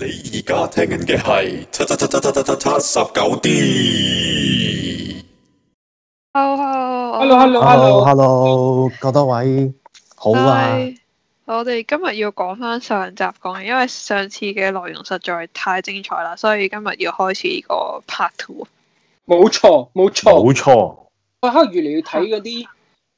你而家聽緊嘅係七七七七七七七十九 hello hello hello hello hello hello 各位，Hi 好啊。我哋今日要講翻上集講嘅，因為上次嘅內容實在太精彩啦，所以今日要開始個 part two。冇錯，冇錯，冇錯錯。我而、啊、越嚟越睇嗰啲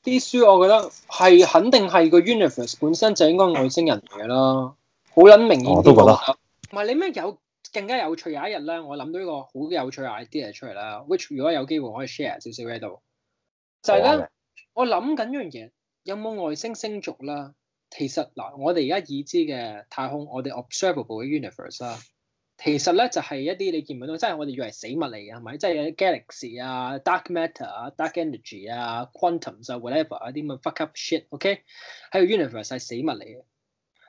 啲書，我覺得係肯定係個 universe 本身就應該外星人嚟噶啦，好捻明顯、哦。我都覺得。唔係你咩，有更加有趣，有一日咧，我諗到一個好有趣嘅 idea 出嚟啦。which 如果有機會我可以 share 少少喺度，就係咧，oh. 我諗緊一樣嘢，有冇外星星族啦？其實嗱，我哋而家已知嘅太空，我哋 observable 嘅 universe 啦，其實咧就係一啲你見唔見到，即係我哋以為死物嚟嘅，係咪？即係有啲 galaxy 啊、dark matter 啊、dark energy 啊、quantums 啊、whatever，一啲咁嘅 fuck up shit，OK？喺個 universe 係死物嚟嘅。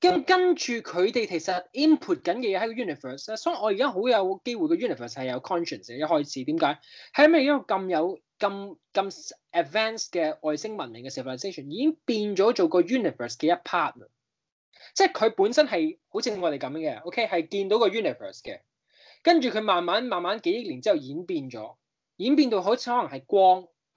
咁跟住佢哋其實 input 緊嘅嘢喺個 universe，所以我而家好有機會個 universe 係有 conscious 嘅。一開始點解？係因為一個咁有咁咁 advanced 嘅外星文明嘅 civilization 已經變咗做個 universe 嘅一 part，即係佢本身係好似我哋咁嘅，OK 係見到個 universe 嘅，跟住佢慢慢慢慢幾億年之後演變咗，演變到好似可能係光。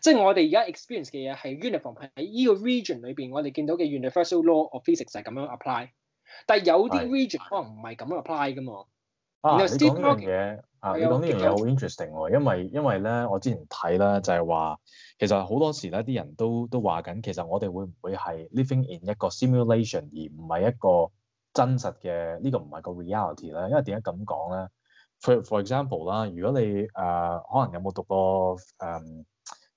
即係我哋而家 experience 嘅嘢係 uniform 喺依個 region 裏邊，我哋見到嘅 universal law of physics 就係咁樣 apply 但的。但係有啲 region 可能唔係咁樣 apply 噶嘛。啊，然後 你講呢樣嘢啊，有你講呢樣嘢好 interesting 喎。因為因為咧，我之前睇啦，就係話，其實好多時咧啲人都都話緊，其實我哋會唔會係 living in 一個 simulation 而唔係一個真實嘅呢、呢個唔係個 reality 咧？因為點解咁講咧？For for example 啦，如果你誒、呃、可能有冇讀過誒？呃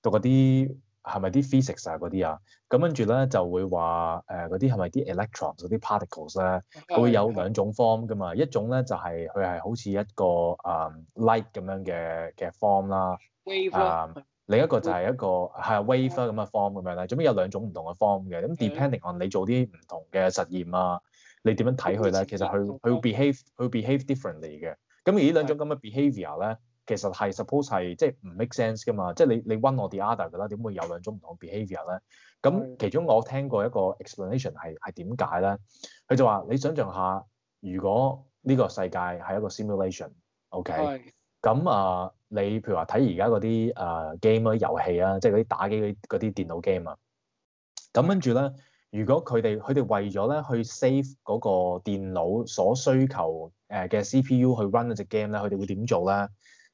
讀嗰啲係咪啲 physics 啊嗰啲啊，咁跟住咧就會話誒嗰啲係咪啲 electrons 嗰啲 particles 咧？佢、呃、會有兩種 form 噶嘛，一種咧就係佢係好似一個誒、um, light 咁樣嘅嘅 form 啦，誒 Wave、um, 另一個就係一個係、嗯、wave 啦咁嘅 form 咁樣咧，總之有兩種唔同嘅 form 嘅，咁 depending on 你做啲唔同嘅實驗啊，你點樣睇佢咧？其實佢佢會 behave 佢會 behave differently 嘅，咁而呢兩種咁嘅 behavior 咧。其實係 suppose 係即係、就、唔、是、make sense 㗎嘛，即、就、係、是、你你 run 我 the other 㗎啦，點會有兩種唔同 behavior 咧？咁其中我聽過一個 explanation 係係點解咧？佢就話你想像下，如果呢個世界係一個 simulation，OK、okay, 咁 Right. 啊，你譬如話睇而家嗰啲誒 game 啲遊戲啊，即係嗰啲打機嗰啲電腦 game 啊，咁跟住咧，如果佢哋佢哋為咗咧去 save 嗰個電腦所需求誒嘅 CPU 去 run 一隻 game 咧，佢哋會點做咧？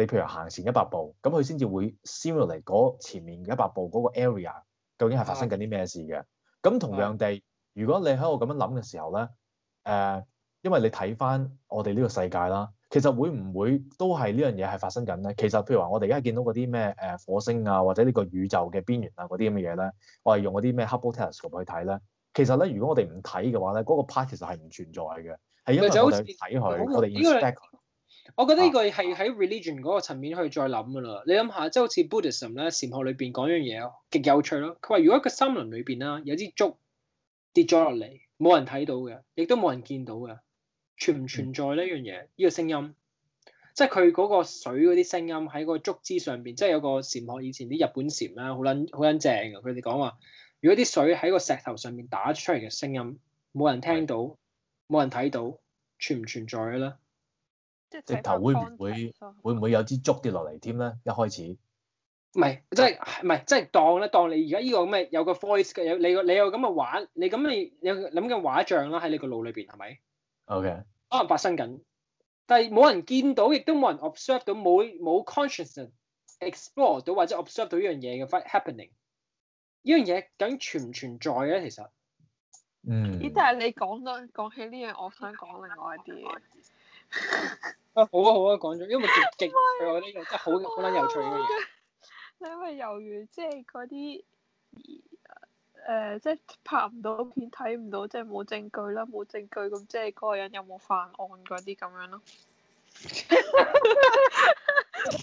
你譬如行前一百步，咁佢先至會 simulate 嚟嗰前面一百步嗰個 area，究竟係發生緊啲咩事嘅？咁同樣地，如果你喺我咁樣諗嘅時候咧，誒、呃，因為你睇翻我哋呢個世界啦，其實會唔會都係呢樣嘢係發生緊咧？其實譬如話，我哋而家見到嗰啲咩誒火星啊，或者呢個宇宙嘅邊緣啊嗰啲咁嘅嘢咧，我係用嗰啲咩 Hubble Telescope 去睇咧，其實咧，如果我哋唔睇嘅話咧，嗰、嗰個 part 其實係唔存在嘅，係因為我哋睇佢，我哋 inspect。我覺得呢個係喺 religion 嗰個層面去再諗噶啦。你諗下，即係好似 Buddhism 咧，禪學裏邊講樣嘢，極有趣咯。佢話如果個森林裏邊啦，有支竹跌咗落嚟，冇人睇到嘅，亦都冇人見到嘅，存唔存在呢樣嘢？呢、嗯、個聲音，即係佢嗰個水嗰啲聲音喺個竹枝上邊，即係有個禪學以前啲日本禪啦，好撚好撚正嘅。佢哋講話，如果啲水喺個石頭上面打出嚟嘅聲音，冇人聽到，冇、嗯、人睇到，存唔存在嘅咧？即係直頭會唔會察會唔會有啲竹跌落嚟添咧？一開始唔係，即係唔係即係當咧，當你而家呢個咁嘅有個 voice 嘅，有你個你有咁嘅畫，你咁你，你有諗嘅畫像啦，喺你個腦裏邊係咪？OK，可能發生緊，但係冇人見到，亦都冇人 observe 到，冇冇 consciousness explore 到或者 observe 到依樣嘢嘅 happening。依樣嘢究竟存唔存在咧？其實，嗯，咦？但係你講到講起呢樣，我想講另外一啲嘢。啊 好啊好啊講有有，講咗是、啊，啊、因為極極，佢覺得呢個真係好好撚有趣嘅嘢。因為由於即係嗰啲誒，即係拍唔到片，睇唔到，即係冇證據啦，冇證據咁，即係嗰個人有冇犯案嗰啲咁樣咯。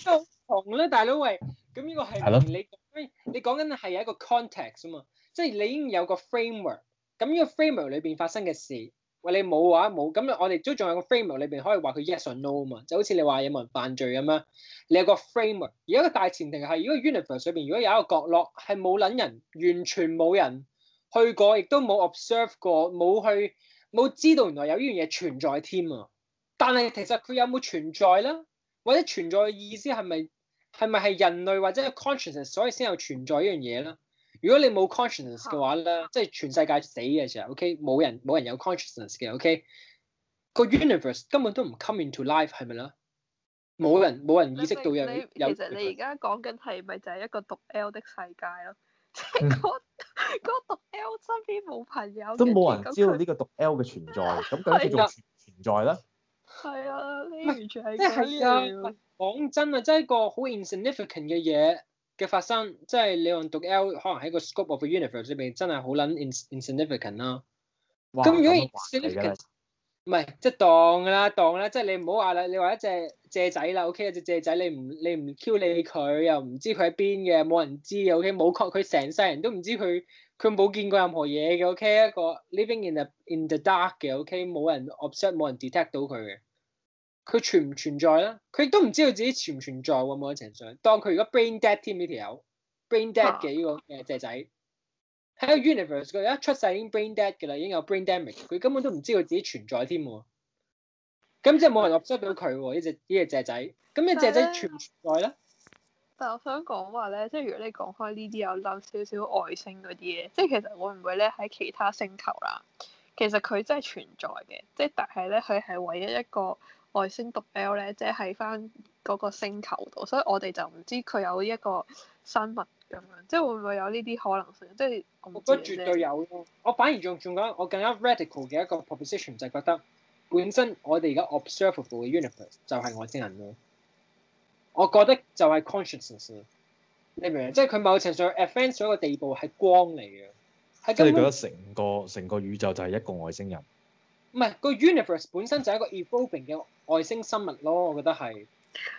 真、啊、 同好咧，大佬喂，咁呢個係你講，你講緊係一個 context 啊嘛，即係你已經有個 framework。咁呢個 framework 裏邊發生嘅事。你冇話冇咁，我哋都仲有個 framework 裏邊可以話佢 yes or no 啊嘛，就好似你話有冇人犯罪咁樣，你有個 framework。而家個大前提係，如果 universe 裏邊如果有一個角落係冇撚人，完全冇人去過，亦都冇 observe 過，冇去冇知道原來有呢樣嘢存在添啊。但係其實佢有冇存在咧？或者存在嘅意思係咪係咪係人類或者 consciousness 所以先有存在呢樣嘢咧？如果你冇 consciousness 嘅話咧，即、就、係、是、全世界死嘅時候，OK，冇人冇人有 consciousness 嘅，OK，個 universe 根本都唔 come into life，係咪啦？冇人冇人意識到有，其實你而家講緊係咪就係一個獨 L 的世界咯？即係嗰嗰 L 身邊冇朋友。都冇，嗯、人知道呢個獨 L 嘅存在，咁佢仲存在咧？係啊，嗯，你完全係。即啊，講真啊，真係一個好 insignificant 嘅嘢。嘅發生，即係你用讀 L，可能喺個 scope of the universe 裏邊，真係好撚 insignificant 啦。咁哇如果 insignificant，唔係即係當啦，當啦，即係你唔好話啦，你話一隻借仔啦，OK，一隻借仔，你唔你唔 Q 理佢，又唔知佢喺邊嘅，冇人知嘅，OK，冇確，佢成世人都唔知佢，佢冇見過任何嘢嘅，OK，一個 living in the in the dark 嘅，OK，冇人 observe，冇人 detect 到佢嘅。佢存唔存在啦？佢都唔知道自己存唔存在喎、啊，某程度上。當佢如果 bra、啊、brain dead 添呢條友，brain dead 嘅呢個嘅隻仔，喺 universe 佢一出世已經 brain dead 嘅啦，已經有 brain damage，佢根本都唔知道自己存在添、啊、喎。咁即係冇人吸收到佢喎呢隻呢隻隻仔。咁呢隻仔存唔存在咧？但我想講話咧，即係如果你講開呢啲有諗少少外星嗰啲嘢，即係其實會唔會咧喺其他星球啦？其實佢真係存在嘅，即係但係咧佢係唯一一個。外星毒 L 咧，即係喺返嗰個星球度，所以我哋就唔知佢有一個生物咁樣，即係會唔會有呢啲可能性？即係我覺得絕對有咯。我反而仲仲講我更加 radical 嘅一個 proposition 就係覺得，本身我哋而家 observable 嘅 universe 就係外星人咯。我覺得就係 consciousness，你明唔明？即係佢某程度上 advance 咗個地步係光嚟嘅，係咁。即係覺得成個成個宇宙就係一個外星人。唔係、個 universe 本身就係一個 evolving 嘅外星生物咯，我覺得係。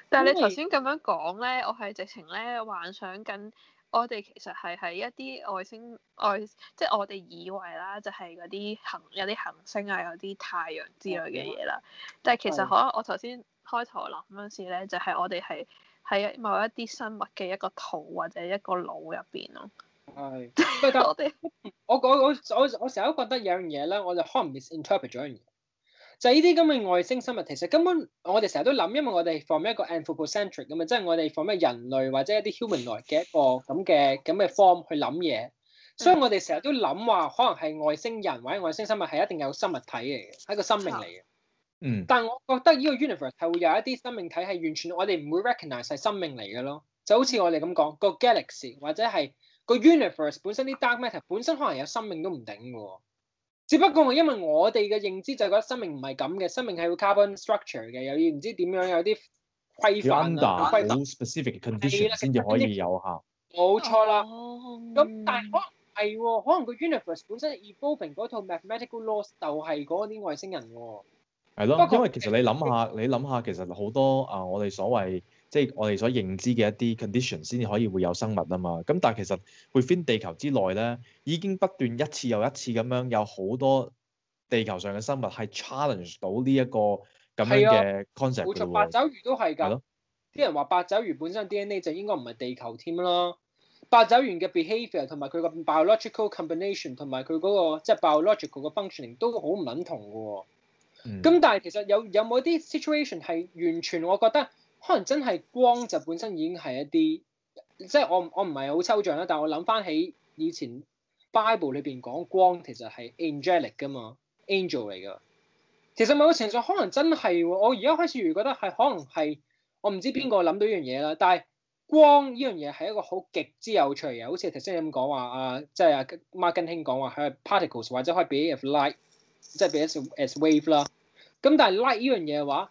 但係你頭先咁樣講咧，我係直情咧幻想緊，我哋其實係喺一啲外星外星，即係我哋以為啦，就係嗰啲行，有啲行星啊，有啲太陽之類嘅嘢啦。但係其實可能我頭先開頭諗嗰陣時咧，就係、是、我哋係喺某一啲生物嘅一個肚或者一個腦入邊咯。係，我我我我我成日都覺得有樣嘢咧，我就可能 misinterpret 咗樣嘢。就係呢啲咁嘅外星生物，其實根本我哋成日都諗，因為我哋 from 一個 anthropocentric 咁啊，即係我哋 from 咩人類或者一啲 humanoid 嘅一個咁嘅咁嘅 form 去諗嘢。所以我哋成日都諗話，可能係外星人或者外星生物係一定有生物體嚟嘅，係個生命嚟嘅、啊。嗯。但係我覺得呢個 universe 係會有一啲生命體係完全我哋唔會 recognize 係生命嚟嘅咯。就好似我哋咁講個 galaxy 或者係。個 universe 本身啲 dark matter 本身可能有生命都唔定㗎喎，只不過因為我哋嘅認知就覺得生命唔係咁嘅，生命係會 carbon structure 嘅，又要唔知點樣有啲規範啊規範 s、yeah, specific condition 先至了可以有效。冇錯啦，咁、oh, 嗯、但係係喎，可能個 universe 本身 evolving 嗰套 mathematical laws 就係嗰啲外星人喎。係咯了，過因為其實你諗下，欸、你諗下其實好多啊、呃，我哋所謂。即係我哋所認知嘅一啲 condition 先至可以會有生物啊嘛。咁但係其實 within 地球之內咧，已經不斷一次又一次咁樣有好多地球上嘅生物係 challenge 到呢一個咁樣嘅 concept。冇、啊、錯，八爪魚都係㗎。啲的、嗯、人話八爪魚本身 DNA 就應該唔係地球添啦。八爪魚嘅 behavior 同埋佢個 biological combination 同埋佢嗰個即係 biological 嘅 functioning 都好唔撚同㗎。咁、嗯、但係其實有有冇啲 situation 係完全我覺得？可能真係光就本身已經係一啲，即係我我唔係好抽象啦。但係我諗翻起以前 Bible 裏邊講光，其實係 angelic 噶嘛，angel 嚟噶。其實某個程序可能真係我而家開始如覺得係可能係我唔知邊個諗到呢樣嘢啦。但係光呢樣嘢係一個好極之有趣嘅，好似頭先咁講話啊，即係阿 Marken 興講話佢係 particles 或者可以 be of light，即係 be as wave 啦。咁但係 light 呢樣嘢嘅話，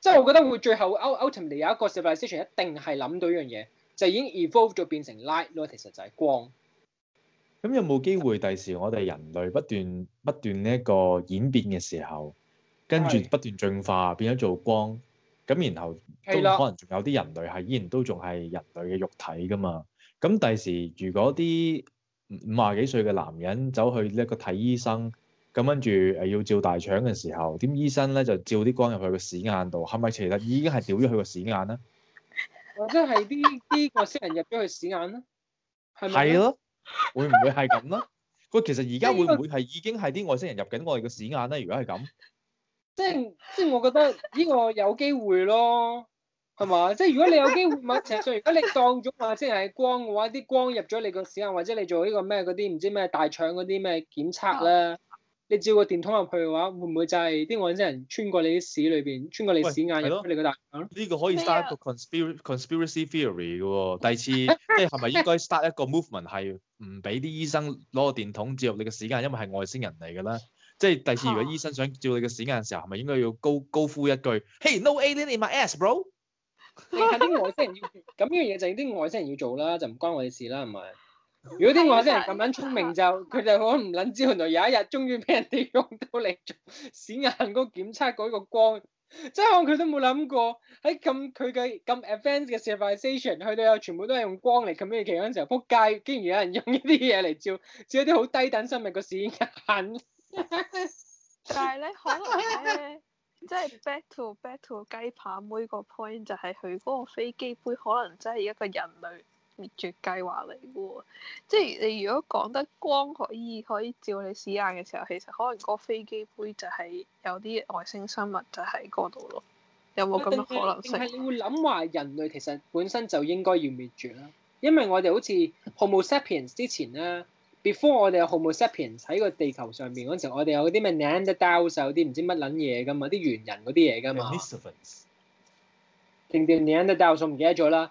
即係我覺得會最後 out out 有一個 civilisation 一定係諗到一樣嘢，就已經 evolve 咗變成 light light，其實就係光。咁有冇機會第時我哋人類不斷不斷呢一個演變嘅時候，跟住不斷進化變咗做光，咁的然後都可能仲有啲人類係依然都仲係人類嘅肉體噶嘛？咁第時如果啲五十幾歲嘅男人走去呢一個睇醫生。咁跟住誒要照大腸嘅時候，點醫生咧就照啲光入去個屎眼度，係咪其實已經係掉咗佢個屎眼咧？或者係啲啲外星人入咗去屎眼咧？係咯，會唔會係咁咧？佢 其實而家會唔會係已經係啲外星人入緊我哋個屎眼咧？如果係咁，即即我覺得呢個有機會咯，係嘛？即、就是、如果你有機會嘛，其實上如果你當咗外星人光嘅話，啲光入咗你個屎眼，或者你做呢個咩嗰啲唔知咩大腸嗰啲咩檢測咧？你照個電筒入去嘅話，會唔會就係啲外星人穿過你啲屎裏邊，穿過你屎眼入去你個大腸？呢個可以 start 一個 conspiracy conspiracy theory 嘅喎、哦。第二次即係係咪應該 start 一個 movement 係唔俾啲醫生攞個電筒照入你嘅屎眼，因為係外星人嚟㗎啦？即係 第二次如果醫生想照你嘅屎眼嘅時候，係咪應該要高高呼一句：Hey no alien in my ass, bro？你係啲外星人要，咁呢樣嘢就係啲外星人要做啦，就唔關我哋事啦，係咪？如果啲外星人咁樣聰明，的就佢 就可能唔捻知，原來有一日終於俾人哋用到嚟做閃眼嗰個檢測嗰個光，即係我佢都冇諗過喺咁佢嘅咁 advanced 嘅 civilisation，去到有全部都係用光嚟咁樣嘅時候，撲街，竟然有人用呢啲嘢嚟照照一啲好低等生命個閃眼。 但係咧，可能咧，即係 battle battle 雞扒妹個 point 就係佢嗰個飛機杯可能真係一個人類。滅絕計劃嚟嘅喎，即係你如果講得光可以可以照你屎眼嘅時候，其實可能嗰個飛機杯就係有啲外星生物就喺嗰度咯，有冇咁嘅可能性？係，你會諗話人類其實本身就應該要滅絕啦，因為我哋好似 Homo sapiens 之前咧 ，before 我哋有 Homo sapiens 喺個地球上面嗰陣，我哋有啲咩 Neanderthals，有啲唔知乜捻嘢噶嘛，啲猿人嗰啲嘢噶嘛。 Neanderthals 定定 Neanderthals，我唔記得咗啦。.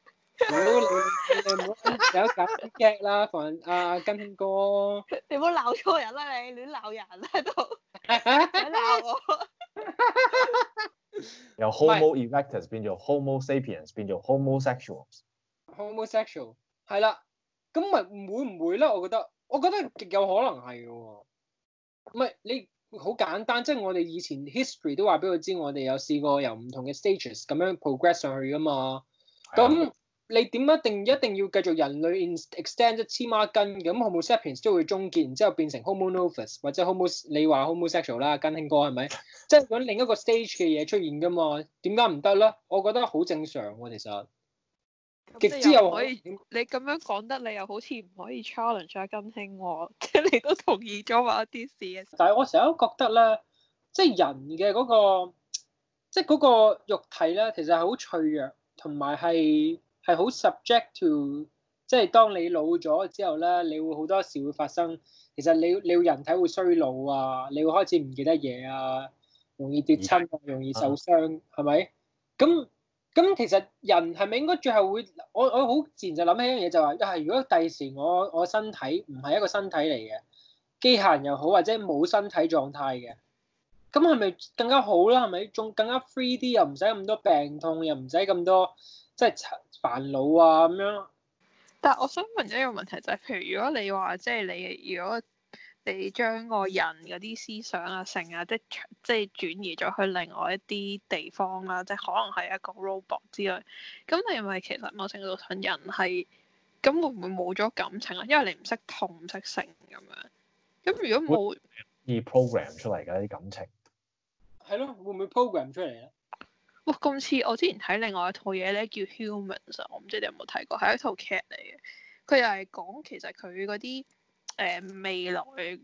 唔好 你好有夾腳啦，防阿根哥。你唔好鬧錯人啦、啊，你亂鬧人啦都。鬧我。由 Homo erectus，變做 Homo sapiens，變做 Homosexuals。Homosexual，係啦，咁咪唔會唔會咧？我覺得，我覺得極有可能係嘅。唔係你好簡單，即係我哋以前 history 都話俾佢知，我哋有試過由唔同嘅 stages 咁樣 progress 上去噶嘛。咁 你點一定一定要繼續人類 extend 一黐孖筋咁？Homosapiens 都會終結，然之後變成 homo novus 或者 homo 你話 homosexual 啦，根興哥係咪？即係揾另一個 stage 嘅嘢出現㗎嘛？點解唔得咧？我覺得好正常喎、啊，其實。極之又可以，你咁樣講得你又好似唔可以 challenge 根興喎，即 係你都同意咗話一啲事嘅。但係我成日都覺得咧，即係人嘅嗰、嗰個，即係嗰個肉體咧，其實係好脆弱，同埋係。係好 subject to，即係當你老咗之後咧，你會好多事會發生。其實你你人體會衰老啊，你會開始唔記得嘢啊，容易跌親，容易受傷，係咪、嗯？咁咁其實人係咪應該最後會？我我好自然就諗起一樣嘢就話、是，係、哎、如果第時我我身體唔係一個身體嚟嘅，機械又好或者冇身體狀態嘅，咁係咪更加好啦？係咪仲更加 free 啲？又唔使咁多病痛，又唔使咁多。即係煩惱啊咁樣。但係我想問一個問題就係、是，譬如如果你話即係你，如果你將個人嗰啲思想啊、性啊，即係即係轉移咗去另外一啲地方啦，即係可能係一個 robot 之類，咁你咪其實某程度上人係，咁會唔會冇咗感情啊？因為你唔識痛、唔識性咁樣。咁如果冇？會，會 program 出嚟嘅啲感情。係咯，會唔會 program 出嚟咧？哇，咁似、哦、我之前睇另外一套嘢咧，叫 Humans，我唔知你有冇睇過，係一套劇嚟嘅。佢又係講其實佢嗰啲誒未來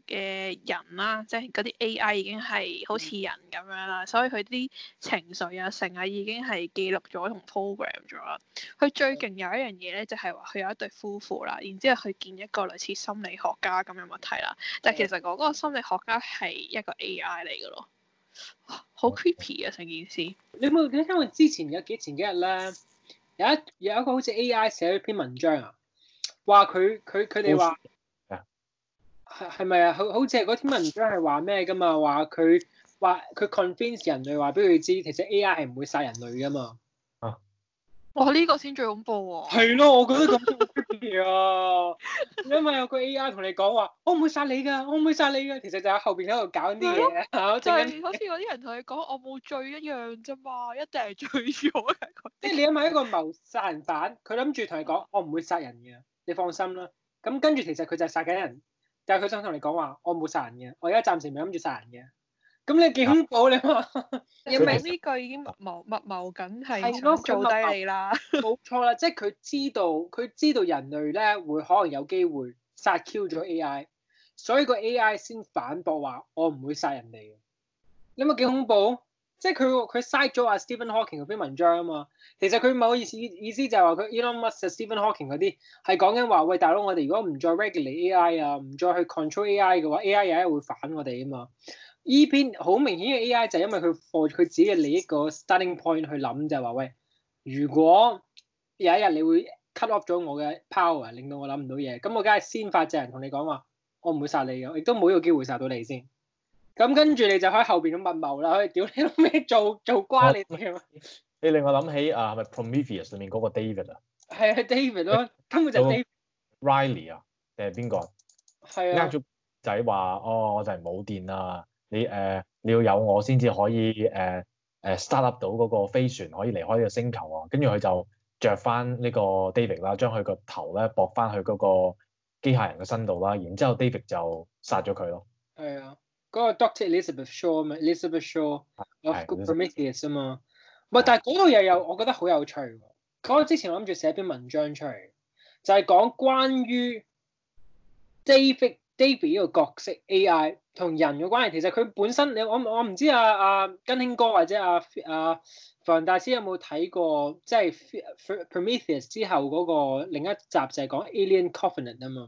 嘅人啦、啊，即係嗰啲 AI 已經係好似人咁樣啦，所以佢啲情緒啊、成啊已經係記錄咗同 program 咗。佢最勁有一樣嘢咧，就係話佢有一對夫婦啦，然之後去見一個類似心理學家咁樣嘅物體啦，但係其實嗰個心理學家係一個 AI 嚟嘅咯。好 creepy 啊！成件事，你有冇記得？因為之前有幾前幾日咧，有一有一個好似 AI 寫咗篇文章啊，話佢佢佢哋話係係咪啊，好好似係嗰篇文章係話咩噶嘛？話佢話佢 convince 人類話俾佢知，其實 AI 係唔會殺人類噶嘛。啊！哇！呢個先最恐怖喎、啊。係咯，我覺得咁。 係 因為有個 A.I. 同你講話，我唔會殺你噶，我唔會殺你噶。其實就喺後邊喺度搞啲嘢。即係好似嗰啲人同你講我冇罪一樣啫嘛，一定係罪咗嘅。 即係你諗下一個謀殺人犯，佢諗住同你講我唔會殺人嘅，你放心啦。咁跟住其實佢就係殺緊人，但係佢想同你講話，我冇殺人嘅，我而家暫時唔係諗住殺人嘅。咁你幾恐怖你話？你咪呢句已經密謀密謀緊係做低你啦！冇錯啦，即係佢知道佢知道人類咧會可能有機會殺 Q 咗 AI，所以個 AI 先反駁話我唔會殺人哋嘅。你咪幾恐怖？即係佢佢 cite 咗阿 Stephen Hawking 嗰篇文章啊嘛。其實佢唔好意思意思就係話佢 Elon Musk Stephen、Stephen Hawking 嗰啲係講緊話，喂，大佬，我哋如果唔再 regulate AI 啊，唔再去 control AI 嘅話，AI 有一日會反我哋啊嘛。依邊好明顯嘅 AI，就因為佢 for 佢自己嘅利益，個 starting point 去諗，就係話喂，如果有一日你會 cut off 咗我嘅 power，令到我諗唔到嘢，咁我梗係先發制人同你講話，我唔會殺你嘅，亦都冇呢個機會殺到你先。咁跟住你就喺後邊咁密謀啦，可以屌你都咩做做瓜你哋啊！你令我諗起啊，係、uh, 咪 Prometheus 上面嗰個 David 啊？係啊，David 咯、啊， 根本就係 David Riley 啊？定係邊個？係啊，呃咗仔話，哦，我就係冇電啦。你誒你要有我先至可以誒誒 start up 到嗰個飛船可以離開呢個星球啊，跟住佢就着翻呢個 David 啦，將佢個頭咧駁翻去嗰個機械人嘅身度啦，然之後 David 就殺咗佢咯。係啊，嗰、嗰個 Doctor Elizabeth Shaw 咪 Elizabeth Shaw of 的 Prometheus 啊嘛，唔係的，但係嗰套又有我覺得好有趣。我的之前諗住寫篇文章出嚟，就係、係、講關於 David David 呢個角色 AI。同人嘅關係，其實佢本身你我我唔知阿阿、啊啊、根興哥或者阿阿凡大師有冇睇過，即係 Prometheus 之後嗰個另一集就係講 Alien Covenant 啊嘛。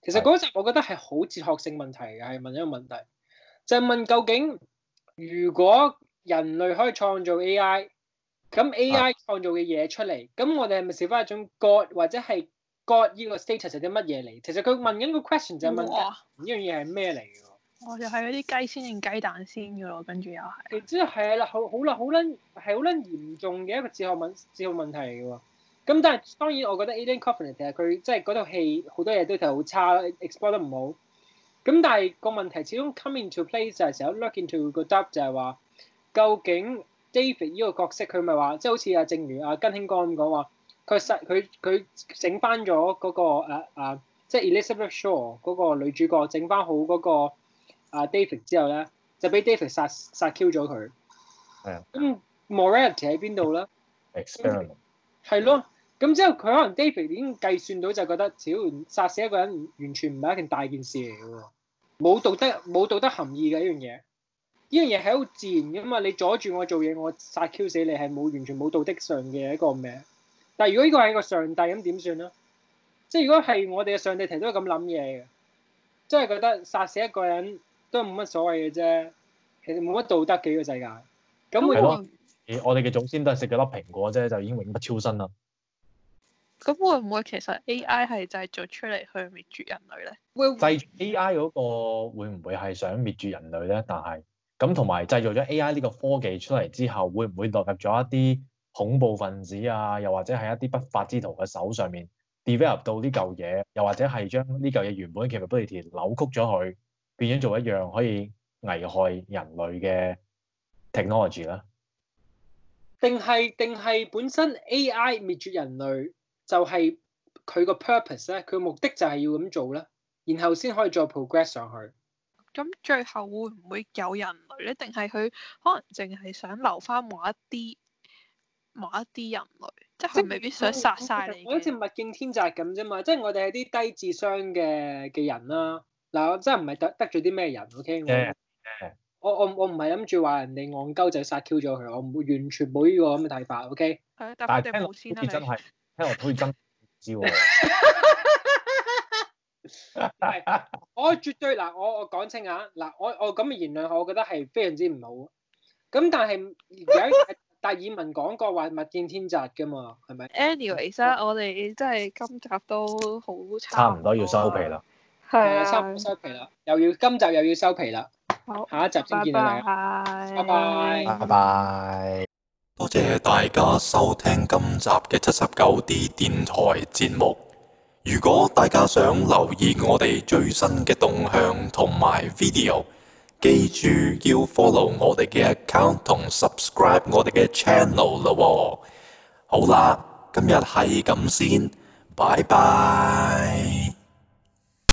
其實嗰集我覺得係好哲學性問題嘅，係問一個問題，就係、是、問究竟如果人類可以創造 AI，咁 AI 創造嘅嘢出嚟，咁的我哋係咪食翻一種 God 或者係 God 呢個 status 係啲乜嘢嚟？其實佢問緊個 question 就係問呢樣嘢係咩嚟我就係嗰啲雞先定雞蛋先噶咯，跟住又係，即係係啦，好好啦，好撚係好撚嚴重嘅一個哲學問哲學問題嚟嘅喎。咁但係當然我覺得《Alien Covenant》其實佢即係嗰套戲好多嘢都睇好差，explored 得唔好。咁但係個問題始終 come into place 就係成日 look into 個質就係話，究竟 David 呢個角色佢咪話即係好似阿正如阿根興哥咁講話，佢實佢佢整翻咗嗰個誒、uh, uh, 即係 Elizabeth Shaw 嗰個女主角整翻好嗰、嗰個。阿 David 之後咧，就俾 David 殺殺 Q 咗佢。係啊 Yeah.，咁 Morality 喺邊度咧？Experiment 係、嗯、咯。咁之後佢可能 David 已經計算到，就覺得，屌，殺死一個人完全唔係一件大件事嚟嘅喎，冇道德冇道德含義嘅一樣嘢。呢樣嘢係好自然㗎嘛。你阻住我做嘢，我殺 Q 死你係冇完全冇道德上嘅一個名。但係如果呢個係一個上帝咁點算咧？即係如果係我哋嘅上帝，其實都係咁諗嘢嘅，即係覺得殺死一個人。都冇乜所謂嘅啫，其實冇乜道德嘅個世界。咁會唔會，我哋嘅祖先都係食咗粒蘋果啫，就已經永不超生啦。咁會唔會其實 A.I 係製造出嚟去滅絕人類咧？會製 A.I 嗰個會唔會係想滅絕人類咧？但係咁同埋製造咗 A.I 呢個科技出嚟之後，會唔會落入咗一啲恐怖分子啊，又或者係一啲不法之徒嘅手上面 develop 到呢嚿嘢，又或者係將呢嚿嘢原本其實不義田扭曲咗佢？變咗做一樣可以危害人類嘅 technology 啦，定係定係本身 AI 滅絕人類就係佢個 purpose 咧，佢目的就係要咁做咧，然後先可以再 progress 上去。咁最後會唔會有人類咧？定係佢可能淨係想留翻某一啲某一啲人類，即係即未必想殺晒你。好似物競天擇咁啫嘛，即係我哋係啲低智商嘅嘅人啦，啊。嗱，真唔係得得罪啲咩人，OK？我我我唔係諗住話人哋戇鳩就殺 Q 咗佢，我唔會完全冇呢個咁嘅睇法，OK？但聽我推真係，聽我推真唔知喎。我絕對嗱，我我講清啊，嗱，我我咁嘅言論，我覺得係非常之唔好。咁但係有達爾文講過話物競天擇嘅嘛，係咪？Anyway，我哋真係今集都好差，差唔多要收皮啦。係、嗯、收收皮啦，又要今集又要收皮啦，好，下一集先見你哋，拜拜，拜拜 bye，bye bye 多謝大家收聽今集嘅七十九 D 電台節目。如果大家想留意我哋最新嘅動向同埋 video，記住要 follow 我哋嘅 account 同 subscribe 我哋嘅 channel 啦喎、哦。好啦，今日係咁先，拜拜。